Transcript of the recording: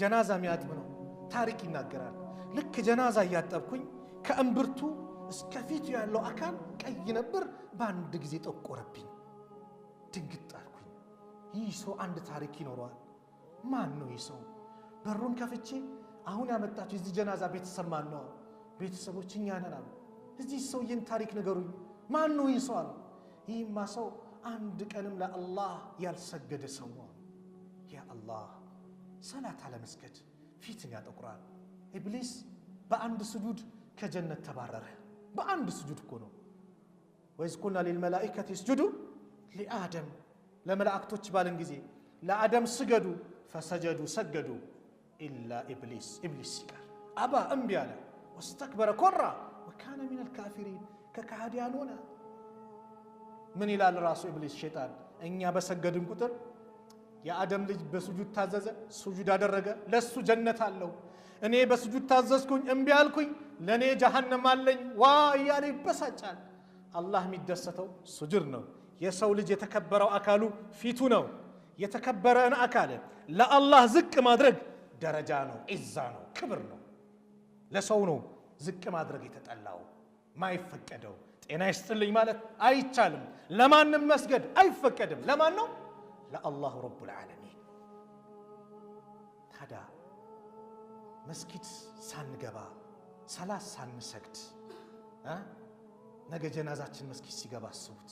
ጀናዛ ሚያጥብ ነው። ታሪክ ይናገራል። ልክ ጀናዛ እያጠብኩኝ ከእምብርቱ እስከ ፊቱ ያለው አካል ቀይ ነበር፣ በአንድ ጊዜ ጠቆረብኝ። ድንግጥ አልኩኝ። ይህ ሰው አንድ ታሪክ ይኖረዋል። ማን ነው ይህ ሰው? በሩን ከፍቼ አሁን ያመጣችሁ የዚህ ጀናዛ ቤተሰብ ማን ነው? ቤተሰቦች እኛ ነን አሉ። እዚህ ሰውዬን ታሪክ ንገሩኝ። ማን ነው ይህ ሰው አሉ። ይህማ ሰው አንድ ቀንም ለአላህ ያልሰገደ ሰው ነው። ያ አላህ ሰላት አለመስገድ ፊትን ያጠቁራል። ኢብሊስ በአንድ ስጁድ ከጀነት ተባረረ። በአንድ ስጁድ እኮ ነው። ወይዝ ቁልና ሊልመላኢከት ስጁዱ ሊአደም ለመላእክቶች ባለን ጊዜ ለአደም ስገዱ፣ ፈሰጀዱ ሰገዱ፣ ኢላ ኢብሊስ ኢብሊስ ሲቀር አባ እምቢ አለ። ወስተክበረ ኮራ ወካነ ሚነል ካፊሪን ከካህዲያን ሆነ። ምን ይላል ራሱ ኢብሊስ ሸይጣን፣ እኛ በሰገድን ቁጥር የአደም ልጅ በሱጁድ ታዘዘ፣ ስጁድ አደረገ። ለሱ ጀነት አለው። እኔ በስጁድ ታዘዝኩኝ፣ እምቢ አልኩኝ፣ ለእኔ ጀሃነም አለኝ። ዋ እያለ ይበሳጫል። አላህ የሚደሰተው ስጁድ ነው። የሰው ልጅ የተከበረው አካሉ ፊቱ ነው። የተከበረን አካል ለአላህ ዝቅ ማድረግ ደረጃ ነው፣ ዒዛ ነው፣ ክብር ነው። ለሰው ነው ዝቅ ማድረግ የተጠላው ማይፈቀደው። ጤና ይስጥልኝ ማለት አይቻልም። ለማንም መስገድ አይፈቀድም። ለማን ነው? ለአላሁ ረቡል ዓለሚን። ታዲያ መስጊድ ሳንገባ ሰላት ሳንሰግድ ነገ ጀናዛችን መስጊድ ሲገባ አስቡት።